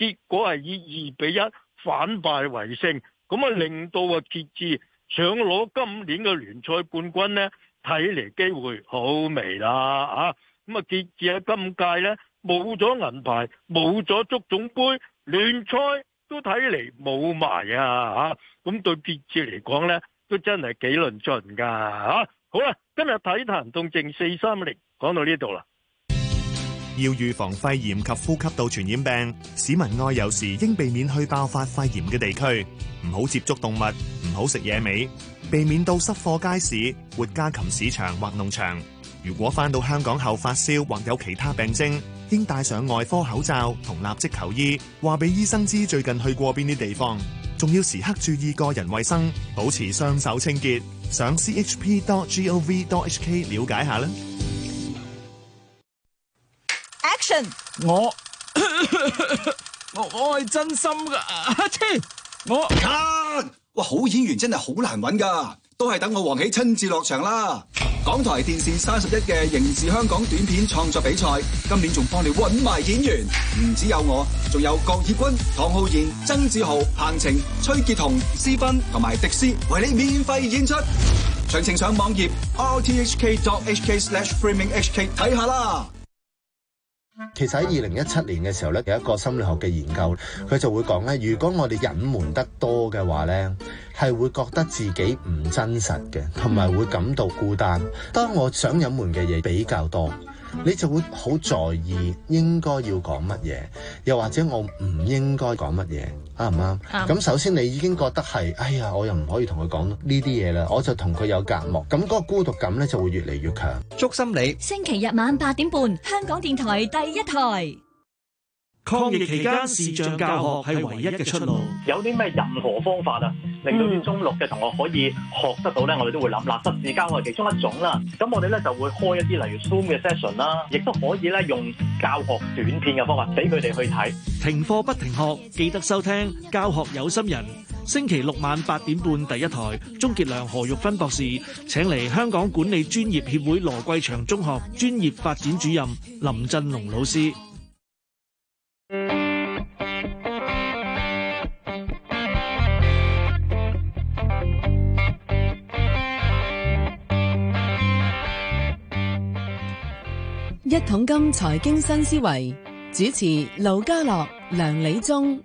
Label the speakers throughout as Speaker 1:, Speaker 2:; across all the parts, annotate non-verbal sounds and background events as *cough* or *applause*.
Speaker 1: 結果係以二比一反敗為勝，咁啊令到啊傑志想攞今年嘅聯賽冠軍咧，睇嚟機會好微啦啊！咁啊傑志喺今屆咧冇咗銀牌，冇咗足總盃，聯賽都睇嚟冇埋啊！吓，咁對傑志嚟講咧，都真係幾論盡噶吓。好啦，今日體壇動靜四三零，講到呢度啦。
Speaker 2: 要預防肺炎及呼吸道傳染病，市民外遊時應避免去爆發肺炎嘅地區，唔好接觸動物，唔好食野味，避免到濕貨街市、活家禽市場或農場。如果翻到香港後發燒或有其他病徵，應戴上外科口罩同立即求醫，話俾醫生知最近去過邊啲地方，仲要時刻注意個人衛生，保持雙手清潔。上 chp.gov.hk 了解下啦。我 *laughs* 我我係真心噶， *laughs* 我哇好演員真係好難揾噶，都係等我王喜親自落場啦。港台電視三十一嘅刑事香港短片創作比賽，今年仲幫你揾埋演員，唔止有我，仲有郭鐵軍、唐浩然、曾志豪、彭晴、崔杰彤、施斌同埋迪斯，為你免費演出。詳情上網頁 rthk.hk/framinghk 睇下啦。其實喺二零一七年嘅時候咧，有一個心理學嘅研究，佢就會講咧，如果我哋隱瞞得多嘅話咧，係會覺得自己唔真實嘅，同埋會感到孤單。當我想隱瞞嘅嘢比較多，你就會好在意應該要講乜嘢，又或者我唔應該講乜嘢。啱唔啱？咁首先你已經覺得係，哎呀，我又唔可以同佢講呢啲嘢啦，我就同佢有隔膜，咁嗰個孤獨感咧就會越嚟越強。觸心理星期日晚八點半，香港電台第一台。
Speaker 1: 抗疫期間視像教學係唯一嘅出路。有啲咩任何方法啊，令到啲中六嘅同學可以學得到咧？我哋都會諗，實時視像教學係其中一種啦。咁我哋咧就會開一啲例如 Zoom 嘅 session 啦，亦都可以咧用教學短片嘅方法俾佢哋去睇。停課
Speaker 2: 不停學，記得收聽《教學有心人》，星期六晚八點半第一台。鍾傑良、何玉芬博士請嚟香港管理專業協會羅桂祥中學專業發展主任林振龍老師。一桶金財經新思維主持盧家樂、梁李忠，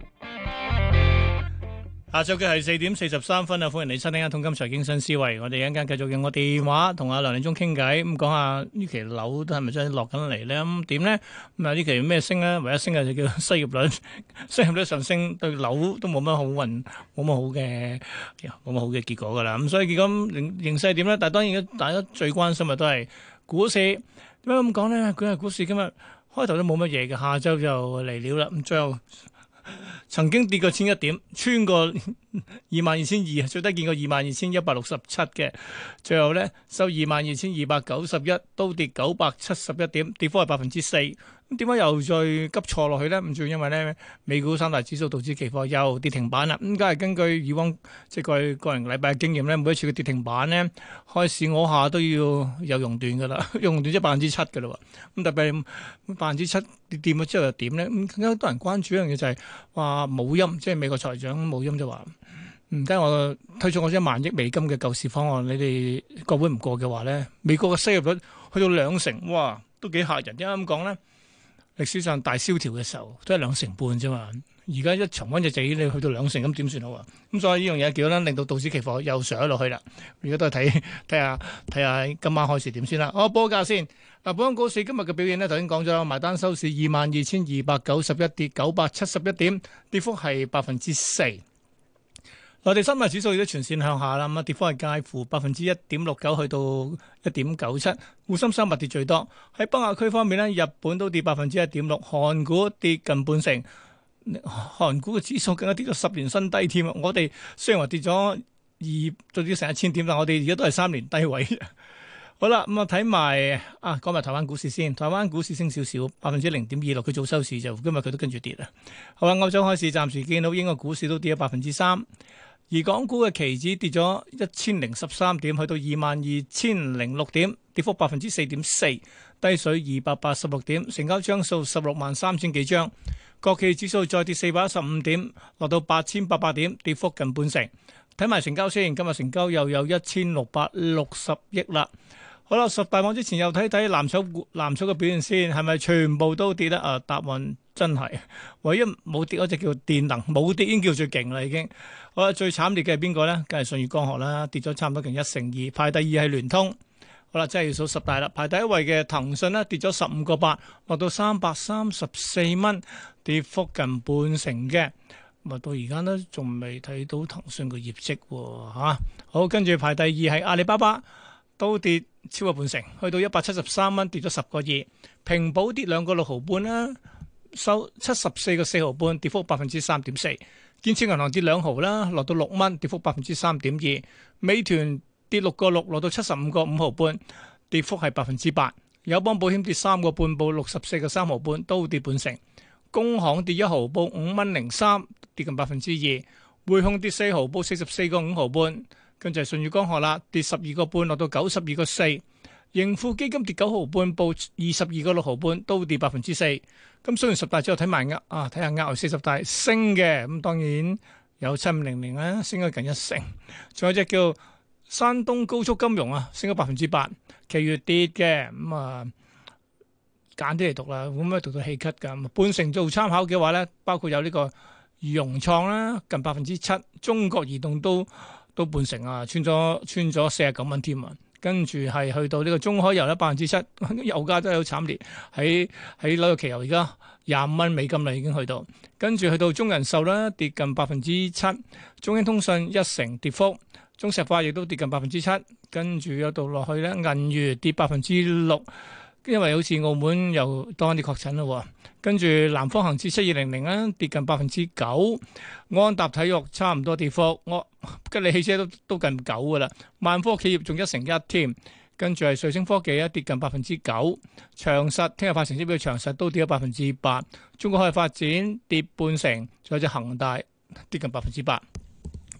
Speaker 2: 下晝嘅係四點四十三分啊！歡迎你收聽一桶金財經新思維。我哋一陣間繼續用我電話同阿梁李忠傾偈，咁講下呢期樓都係咪真係落緊嚟咧？咁點咧？咁啊呢期咩升咧？唯一升嘅就叫失業率，失業率上升對樓都冇乜好運，冇乜好嘅，冇乜好嘅結果噶啦。咁所以結果形形勢係點咧？但係當然，大家最關心嘅都係股市。點解咁講咧？佢係股市今日開頭都冇乜嘢嘅，them, 下周就嚟料啦。咁最後曾經跌過千一點，穿過二萬二千二，最低見過二萬二千一百六十七嘅，最後咧收二萬二千二百九十一，都跌九百七十一點，跌幅係百分之四。咁點解又再急挫落去咧？唔就因為咧美股三大指數導致期貨又跌停板啦。咁梗係根據以往，即係過去個零禮拜經驗咧，每一次嘅跌停板咧，開始我下都要有熔斷噶啦，熔斷咗百分之七噶啦。咁特別係百分之七跌跌咗之後又點咧？咁更加多人關注一樣嘢，就係話冇音，即係美國財長冇音就話唔得。我推出我一萬億美金嘅救市方案，你哋國會唔過嘅話咧，美國嘅失業率去到兩成，哇，都幾嚇人。點解咁講咧？歷史上大蕭條嘅時候都係兩成半啫嘛，而家一重溫就仔，你去到兩成咁點算好啊？咁、 *noise* 嗯、所以呢樣嘢叫咧令到道指期貨又上咗落去啦。而家都係睇睇下睇下今晚開市點先啦。我報個價先。嗱，本港股市今日嘅表現咧，頭先講咗埋單收市二萬二千二百九十一點，跌九百七十一點，跌幅係百分之四。內地深物指數亦都全綫向下啦，咁啊，跌幅係介乎百分之一點六九去到一點九七，滬深三百跌最多。喺北亞區方面咧，日本都跌百分之一點六，韓股跌近半成，韓股嘅指數更加跌到十年新低添啊！我哋雖然話跌咗二，仲要成一千點，但我哋而家都係三年低位。好啦，咁、嗯、啊，睇埋啊，講埋台灣股市先，台灣股市升少少，百分之零點二六，佢早收市就今日佢都跟住跌啦。好啦，歐洲開市，暫時見到英國股市都跌咗百分之三。而港股嘅期指跌咗一千零十三點，去到二萬二千零六點，跌幅百分之四點四，低水二百八十六點，成交張數十六萬三千幾張。國企指數再跌四百一十五點，落到八千八百點，跌幅近半成。睇埋成交先，今日成交又有一千六百六十億啦。好啦，十大網之前又睇睇藍籌藍籌嘅表現先，係咪全部都跌得？啊，答案真係，唯一冇跌嗰隻叫電能冇跌，已經叫最勁啦，已經。好，最慘烈嘅係邊個咧？梗係信譽江河啦，跌咗差唔多近一成二。排第二係聯通。好啦，即係數十大啦。排第一位嘅騰訊咧，跌咗十五個八，落到三百三十四蚊，跌幅近半成嘅。咁啊，到而家都仲未睇到騰訊嘅業績喎、吓、好，跟住排第二係阿里巴巴，都跌超過半成，去到一百七十三蚊，跌咗十個二，平保跌兩個六毫半啦，收七十四個四毫半，跌幅百分之三點四。建設銀行跌兩毫啦，落到六蚊，跌幅百分之三點二。美團跌六個六，落到七十五個五毫半，跌幅係百分之八。友邦保險跌三個半，報六十四個三毫半，都會跌半成。工行跌一毫，報五蚊零三，跌近百分之二。匯控跌四毫，報四十四個五毫半。跟住係舜宇光學啦，跌十二個半，落到九十二個四。盈富基金跌九毫半，報二十二個六毫半，都會跌百分之四。咁雖然十大之後睇埋壓，啊睇下額外四十大升嘅，咁、嗯、當然有七五零零啦，升咗近一成，仲有隻叫山東高速金融啊，升咗百分之八，其餘跌嘅，咁啊揀啲嚟讀啦，會唔會讀到氣咳噶，半、嗯、成做參考嘅話咧，包括有呢個融創啦，近百分之七，中國移動都都半成啊，穿咗穿咗四十九蚊添啊！跟住係去到呢個中海油啦，百分之七，油價真係好慘烈，喺喺紐約期油而家廿五蚊美金啦，已經去到，跟住去到中人壽啦，跌近百分之七，中興通訊一成跌幅，中石化亦都跌近百分之七，跟住有到落去咧，銀娛跌百分之六。因為好似澳門又多啲確診咯，跟住南方恒指七二零零啊，跌近百分之九，安踏體育差唔多跌幅，我、哦、吉利汽車都都近九噶啦，萬科企業仲一成一添，跟住係瑞聲科技啊跌近百分之九，長實聽日發成績表，長實都跌咗百分之八，中國海外發展跌半成，仲有隻恒大跌近百分之八，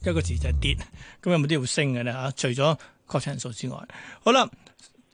Speaker 2: 一個字就係跌，咁有冇啲會升嘅咧吓？除咗確診人數之外，好啦。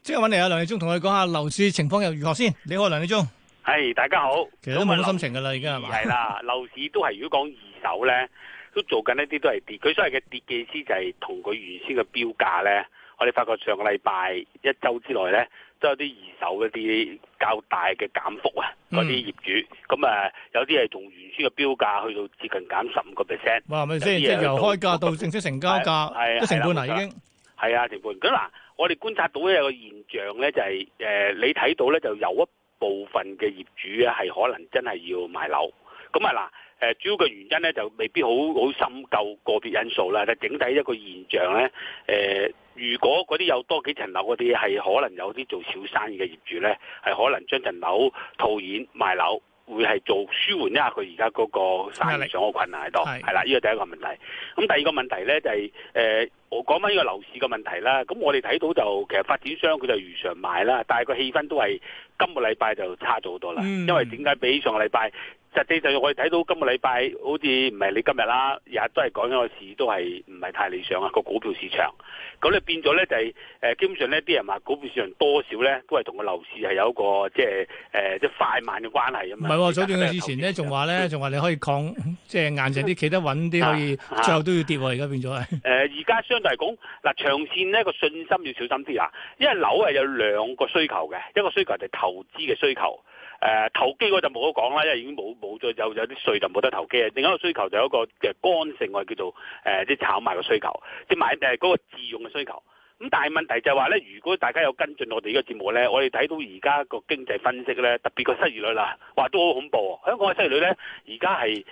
Speaker 2: 即係搵嚟阿梁宇忠同我哋講下樓市情況又如何先？你好，梁宇忠。
Speaker 1: 係，大家好，其實都冇乜心情噶啦，而家係嘛？係啦，樓市都係，如果講二手咧，都做緊一啲都係跌。佢所謂嘅跌嘅意思就係同佢原先嘅標價咧，我哋發覺上個禮拜一周之內咧，都有啲二手一啲較大嘅減幅啊，嗰啲業主咁啊，有啲係從原先嘅標價去到接近減十五個 percent。哇，咩先？即係由開
Speaker 2: 價到正式成交價，一成半啊，已經
Speaker 1: 係啊，成半。咁嗱。嗯嗯嗯嗯嗯我哋觀察到一個現象呢就係、是、誒、呃、你睇到呢，就有一部分嘅業主咧，係可能真係要賣樓。咁啊嗱，誒、呃、主要嘅原因呢就未必好好深究個別因素啦。但整體一個現象呢，誒、呃、如果嗰啲有多幾層樓嗰啲，係可能有啲做小生意嘅業主呢，係可能將層樓套現賣樓。會係做舒緩一下佢而家嗰個生意上嘅困難喺度，係啦，呢個第一個問題。咁第二個問題咧就係、是，誒、呃，我講翻呢個樓市嘅問題啦。咁我哋睇到就其實發展商佢就如常賣啦，但係個氣氛都係今個禮拜就差咗好多啦。因為點解比上個禮拜？實際上我哋睇到今個禮拜好似唔係你今日啦，日日都係講緊個市都係唔係太理想啊，個股票市場。咁你變咗咧就係、是、誒、呃，基本上咧啲人話股票市場多少咧都係同個樓市係有一個即係誒、呃、即快慢嘅關係啊嘛。唔係、啊、早段嘅之
Speaker 2: 前咧仲話咧仲話你可以抗，即係 *laughs* 硬淨啲企得穩啲，可以最後都要跌喎、啊。而家變咗係誒，
Speaker 1: 而家、啊啊、相對嚟講嗱，長線咧個信心要小心啲啊，因為樓係有兩個需求嘅，一個需求就係投資嘅需求，誒、啊啊、投機嗰就冇得講啦，因為已經冇。冇咗有有啲稅就冇得投機啊！另一個需求就有一個嘅乾性，我哋叫做誒即係、呃即係、炒賣嘅需求，即係、即係、買誒嗰、呃嗰個自用嘅需求。咁但係問題就係話咧，如果大家有跟進我哋呢個節目咧，我哋睇到而家個經濟分析咧，特別個失業率啦、啊，哇都好恐怖、啊。香港嘅失業率咧，而家係。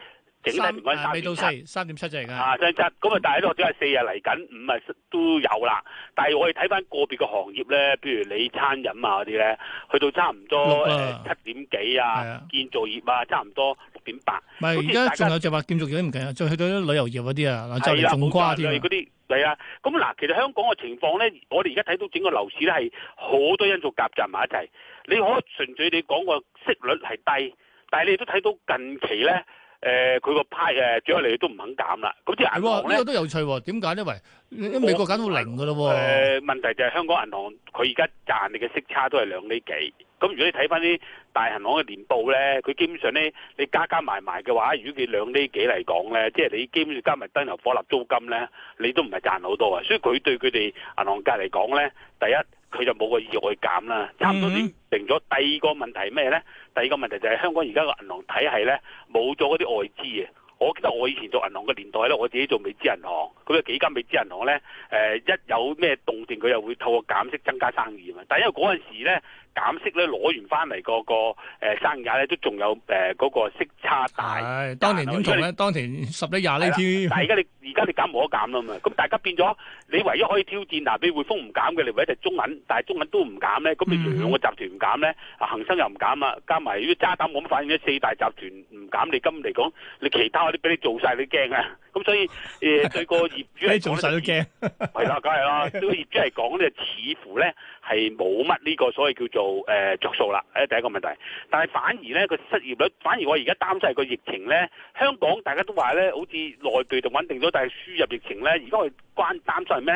Speaker 1: 整體唔關三到七，三點七就係㗎啊！三咁啊，但係都只係四日嚟緊，五啊都有啦。但係我哋睇翻個別嘅行業咧，譬如你餐飲啊嗰啲咧，去到差唔多六七、啊呃、點幾啊，啊建造業啊，差唔多六點八。唔係而家仲有
Speaker 2: 就話建造業都唔緊要，再去到啲旅遊業嗰啲啊，就係仲瓜啲嗰
Speaker 1: 啲係啊。咁、啊、嗱、啊啊，其實香港嘅情況咧，我哋而家睇到整個樓市咧係好多因素夾雜埋一齊。你可以純粹你講個息率係低，但係你都睇到近期咧。啊啊誒佢個派誒，最後嚟都唔肯減啦。咁、啊、即銀行呢、啊這個
Speaker 2: 都有趣喎、啊。點解咧？因為美國減到零嘅啦。誒、呃、
Speaker 1: 問題就係香港銀行佢而家賺你嘅息差都係兩厘幾。咁、嗯、如果你睇翻啲大銀行嘅年報咧，佢基本上咧，你加加埋埋嘅話，如果佢兩厘幾嚟講咧，即係你基本上加埋燈油火蠟租金咧，你都唔係賺好多啊。所以佢對佢哋銀行界嚟講咧，第一。佢就冇個意欲去減啦，差唔多啲成咗。第二個問題係咩呢？第二個問題就係香港而家個銀行體系呢，冇咗嗰啲外資嘅。我記得我以前做銀行嘅年代呢，我自己做美資銀行，佢啊幾間美資銀行呢，誒、呃、一有咩動靜佢又會透過減息增加生意嘛。但因為嗰陣時呢。減息咧，攞完翻嚟個個生日咧，都仲有誒嗰個息差大。係、哎，當年點做咧？當年十釐廿釐啲。了但係而家你而家 *laughs* 你減冇得減啦嘛。咁大家變咗，你唯一可以挑戰，嗱，你匯豐唔減嘅，你唯一就中銀。但係中銀都唔減咧，咁、嗯、你兩個集團唔減咧，恒生又唔減啦，加埋如果渣打咁反應咗四大集團唔減，你今嚟講，你其他嗰啲俾你做晒，你驚啊！咁、嗯、所以誒對個業
Speaker 2: 主咧，做曬都驚，
Speaker 1: 係啦，梗係啦，對個業主嚟講咧，似乎咧係冇乜呢個所謂叫做誒着數啦，係、呃、第一個問題，但係反而咧個失業率，反而我而家擔心係個疫情咧。香港大家都話咧，好似內地就穩定咗，但係輸入疫情咧，而家我關擔心係咩？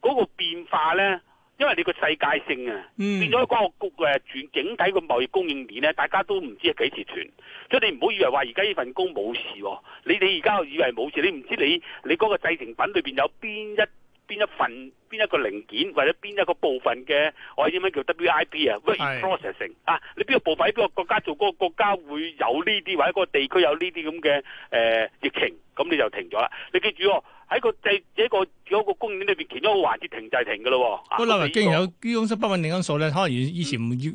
Speaker 1: 嗰、那個變化咧。因為你個世界性啊，嗯、變咗嗰個局嘅全、啊、整，整體個貿易供應鏈咧，大家都唔知係幾時斷，即係你唔好以為話而家呢份工冇事、哦、事，你你而家以為冇事，你唔知你你嗰個製成品裏邊有邊一邊一份。邊一個零件或者邊一個部分嘅，我哋點樣叫 WIP 啊 Very process 性啊！你邊個部分喺邊個國家做，嗰個國家會有呢啲，或者嗰個地區有呢啲咁嘅誒疫情，咁你就停咗啦。你記住喎，喺個製一個有一個供應鏈裏邊，其中一個環節，停就係停噶咯。
Speaker 2: 嗰紐約既然有公室不穩定因素咧，可能以前唔以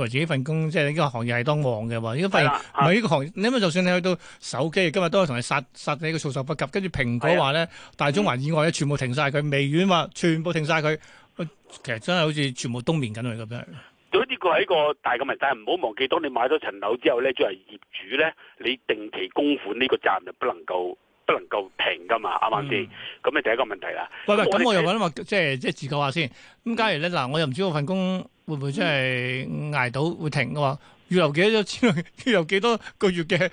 Speaker 2: 為自己份工即係呢個行業係當旺嘅喎，而家發現唔係呢個行業。你諗就算你去到手機，今日都係同你殺殺你嘅措手不及。跟住蘋果話咧，大中華以外咧全部停晒。佢，微軟話全部停曬佢，其實真係好似全部冬眠緊佢咁樣。
Speaker 1: 咁呢個係一個大嘅問題，唔好忘記。當你買咗層樓之後咧，作為業主咧，你定期供款呢個責任就不能夠不能夠停㗎嘛，啱唔啱先？咁啊，第一個問題啦。喂喂，咁我又揾
Speaker 2: 話即係即係自救下先。咁假如咧嗱，我又唔知我份工會唔會真係捱到會停嘅話，預留幾多錢？預留幾多個月嘅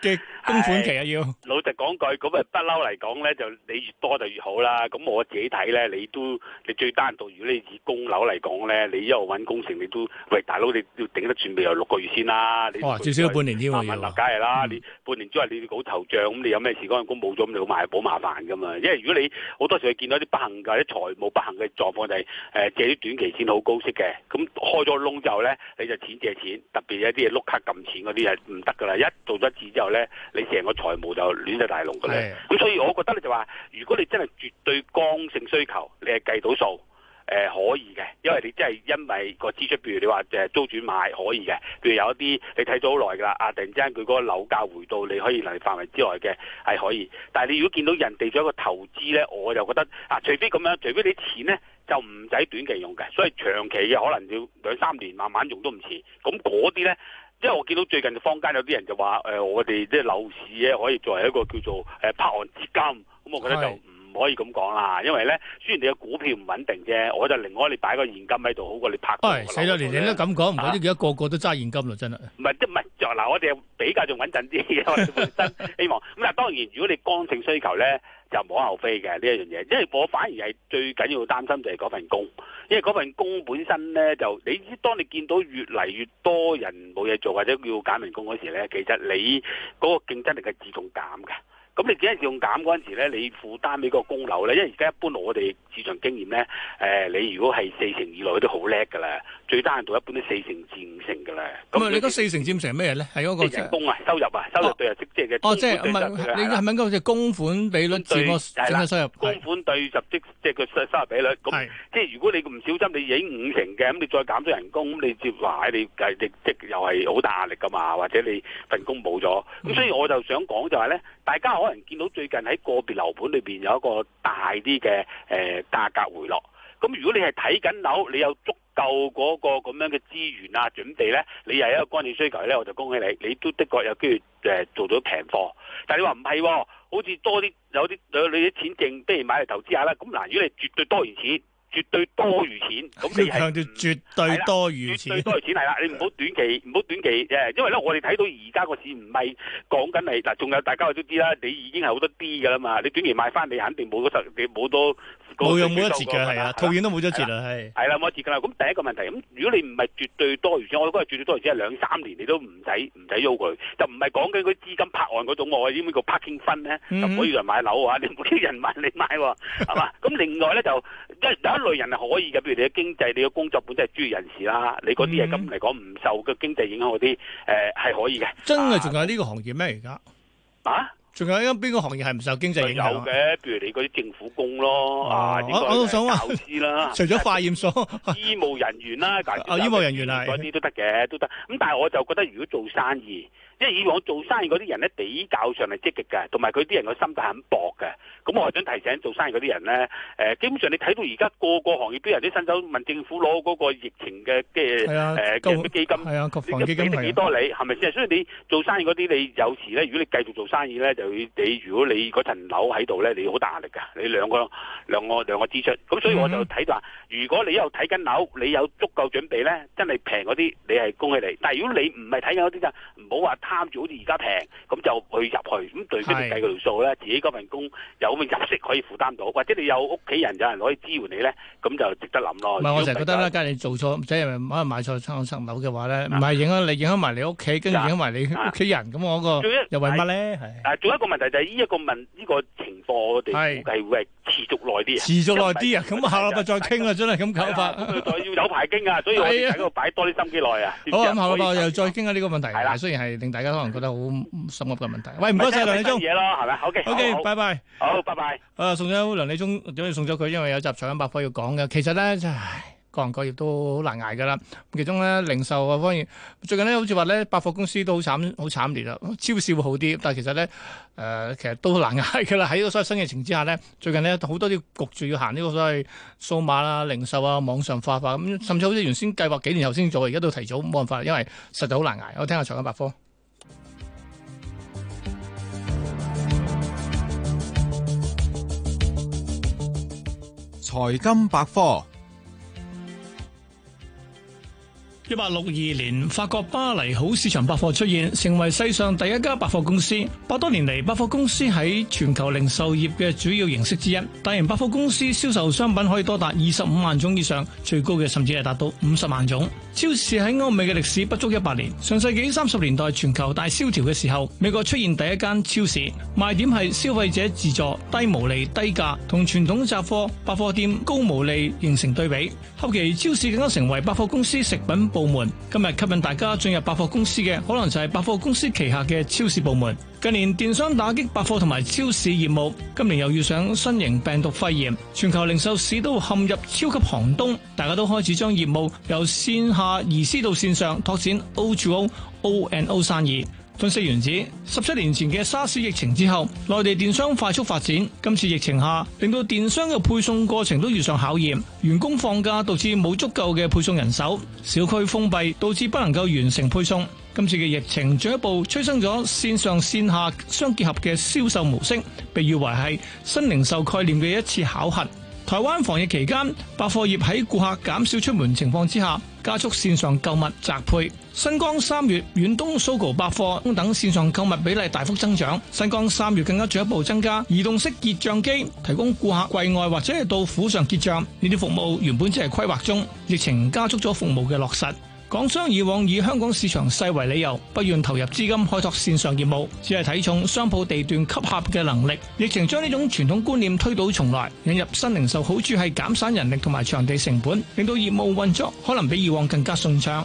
Speaker 2: 嘅？供款期啊，要
Speaker 1: 老實講句，咁啊不嬲嚟講咧，就你越多就越好啦。咁我自己睇咧，你都你最單獨，如果你以供樓嚟講咧，你一路揾工程，你都喂大佬，你要頂得住未？又六個月先啦。哇、哦！至少半年添喎，買樓梗係啦。嗯、你半年之後你要搞頭賬，咁你有咩事嗰份工冇咗，咁你賣保麻煩噶嘛。因為如果你好多時你見到啲不幸㗎，啲財務不幸嘅狀況就係、是、誒、呃、借啲短期錢好高息嘅，咁開咗窿之後咧，你就錢借錢，特別一啲係碌卡撳錢嗰啲係唔得㗎啦。一做咗字之後咧。你成個財務就亂曬大龍㗎咧，咁的所以我覺得咧就話，如果你真係絕對剛性需求，你係計到數，誒、呃、可以嘅，因為你真係因為個支出，譬如你話誒租轉買可以嘅，譬如有一啲你睇咗好耐㗎啦，啊突然之間佢嗰個樓價回到你可以能力範圍之內嘅，係可以。但係你如果見到人哋做一個投資咧，我就覺得啊，除非咁樣，除非你錢咧就唔使短期用嘅，所以長期嘅可能要兩三年慢慢用都唔遲。咁嗰啲咧。即係我見到最近坊間有啲人就話，誒、呃，我哋即係樓市咧可以作為一個叫做誒、呃，拍岸資金，咁、嗯、我覺得就。唔可以咁講啦，因為咧，雖然你嘅股票唔穩定啫，我就寧可你擺個現金喺度好過你拍
Speaker 2: 落嚟。哎，年年都咁講，唔可以點解個個都揸現金咯？真係
Speaker 1: 唔係，即唔係就嗱，我哋比較仲穩陣啲。嘅。我哋本身希望咁，但係 *laughs* 當然，如果你剛性需求咧，就無可厚非嘅呢一樣嘢，因為我反而係最緊要擔心就係嗰份工，因為嗰份工本身咧就你知，當你見到越嚟越多人冇嘢做或者要減人工嗰時咧，其實你嗰個競爭力係自動減㗎。咁你幾時用減嗰陣時咧？你負擔你個供樓咧？因為而家一般我哋市場經驗咧，誒，你如果係四成以內都好叻㗎啦，最低限度一般都四成至五成㗎啦。咁係你
Speaker 2: 講四成至五成係咩咧？係嗰個人工
Speaker 1: 啊，收入啊，收入對入職即係嘅。哦，即係唔係你係唔
Speaker 2: 係嗰個即係供款比率？對入職嘅收入。
Speaker 1: 供款對入職即係個收入比率。咁即係如果你唔小心你影五成嘅，咁你再減咗人工，咁你接埋你又係好大壓力㗎嘛？或者你份工冇咗。咁所以我就想講就係咧，大家。可能見到最近喺個別樓盤裏邊有一個大啲嘅誒價格回落，咁如果你係睇緊樓，你有足夠嗰個咁樣嘅資源啊準備呢，你又一個剛性需求呢，我就恭喜你，你都的確有機會誒、呃、做到平貨。但係你話唔係，好似多啲有啲有你啲錢剩，不如買嚟投資下啦。咁嗱，如果你絕對多餘錢。絕對多餘錢，咁你係
Speaker 2: 絕對多餘錢，絕對多餘
Speaker 1: 錢係啦， *laughs* 你唔好短期，唔好短期嘅，因為咧，我哋睇到而家個市唔係講緊係嗱，仲有大家我都知啦，你已經係好多啲噶啦嘛，你短期買翻你肯定冇嗰十，你冇多冇有冇得折㗎，啊了，套
Speaker 2: 現都冇咗折啊，係
Speaker 1: 係啦，冇得折㗎啦。咁第一個問題，咁如果你唔係絕對多餘錢，我覺得係絕對多餘錢係兩三年，你都唔使唔使喐佢，就唔係講緊佢資金拍案嗰種，我點樣叫 parking fund 咧，嗯、就冇人買樓啊，啲人問你，你買喎，係嘛？咁 *laughs* 另外咧就類人係可以嘅，譬如你嘅經濟，你嘅工作本身係專業人士啦，你嗰啲係咁嚟講唔受嘅經濟影響嗰啲，誒、呃、係可以嘅。
Speaker 2: 真係仲有呢個行業咩而家？啊？仲有啲邊個行業係唔受經濟影響嘅？
Speaker 1: 譬如你嗰啲政府工咯，啊，啲教師啦，除咗化驗所、醫務人員啦，啊，醫務人員啊，嗰啲都得嘅，都得。咁但係我就覺得，如果做生意，即係以往做生意嗰啲人咧，比較上係積極嘅，同埋佢啲人個心態很搏嘅。咁我想提醒做生意嗰啲人咧，誒，基本上你睇到而家個個行業都有啲伸手問政府攞嗰個疫情嘅，即係誒，基金，
Speaker 2: 係啊，抗疫基金幾多你？係
Speaker 1: 咪先？所以你做生意嗰啲，你有時咧，如果你繼續做生意咧。你你如果你嗰層樓喺度咧，你好大壓力㗎。你兩個兩個兩個支出，咁所以我就睇到話，如果你有睇緊樓，你有足夠準備咧，真係平嗰啲，你係恭喜你。但係如果你唔係睇緊嗰啲就唔好話貪住，好似而家平，咁就去入去。咁對邊計嗰條數咧？自己嗰份工有咩入息可以負擔到，或者你有屋企人有人可以支援你咧，咁就值得諗咯。唔係我成日覺
Speaker 2: 得咧，梗係你做錯即係買錯差唔多層樓嘅話咧，唔係影響你影響埋你屋企，跟住影響埋你屋企人，咁我個又為乜咧？係。
Speaker 1: 一個問題就係呢一個問，呢個情況我哋估計係會係持續耐啲，持
Speaker 2: 續耐啲啊！咁下個禮拜再傾啦，真係咁搞法，要有排傾
Speaker 1: 啊，所以喺度擺多啲心機耐啊。好啊，咁下
Speaker 2: 個禮拜又再傾下呢個問題，雖然係令大家可能覺得好心急嘅問題。喂，唔該晒梁李忠，係咪？OK，拜拜。好，拜拜。誒，送咗梁李忠，點解要送咗佢，因為有集采金百科要講嘅。其實咧，真係。各行各業都好難挨噶啦，其中咧零售啊，當然最近咧好似話咧百貨公司都好慘，好慘烈啦。超市會好啲，但係其實咧誒、呃，其實都好難挨噶啦。喺呢個所謂新疫情之下咧，最近咧好多啲焗住要行呢個所謂數碼啊、零售啊、網上發化化咁，甚至好似原先計劃幾年後先做，而家都提早冇辦法，因為實在好難挨。我聽下財金百科，財金百科。一八六二年，法國巴黎好市場百貨出現，成為世上第一家百貨公司。百多年嚟，百貨公司喺全球零售業嘅主要形式之一。大型百貨公司銷售商品可以多達二十五萬種以上，最高嘅甚至係達到五十萬種。超市喺歐美嘅歷史不足一百年。上世紀三十年代全球大蕭條嘅時候，美國出現第一間超市，賣點係消費者自助、低毛利、低價，同傳統雜貨百貨店高毛利形成對比。後期超市更加成為百貨公司食品部。部門。今日吸引大家進入百貨公司嘅，可能就係百貨公司旗下嘅超市部門。近年電商打擊百貨同埋超市業務，今年又遇上新型病毒肺炎，全球零售市都陷入超級寒冬，大家都開始將業務由線下移師到線上，拓展 O2O、O and O 生意。分析員指十七年前嘅沙士疫情之後，內地電商快速發展。今次疫情下，令到電商嘅配送過程都遇上考驗，員工放假導致冇足夠嘅配送人手，小區封閉導致不能夠完成配送。今次嘅疫情進一步催生咗綫上綫下相結合嘅銷售模式，被譽為係新零售概念嘅一次考核。台灣防疫期間，百貨業喺顧客減少出門情況之下，加速線上購物宅配。新光三越、遠東 Sogo 百貨等線上購物比例大幅增長。新光三越更加進一步增加移動式結賬機，提供顧客櫃外或者係到府上結賬。呢啲服務原本只係規劃中，疫情加速咗服務嘅落實。港商以往以香港市場細為理由，不願投入資金開拓線上業務，只係睇重商鋪地段吸客嘅能力。疫情將呢種傳統觀念推倒重來，引入新零售，好處係減省人力同埋場地成本，令到業務運作可能比以往更加順暢。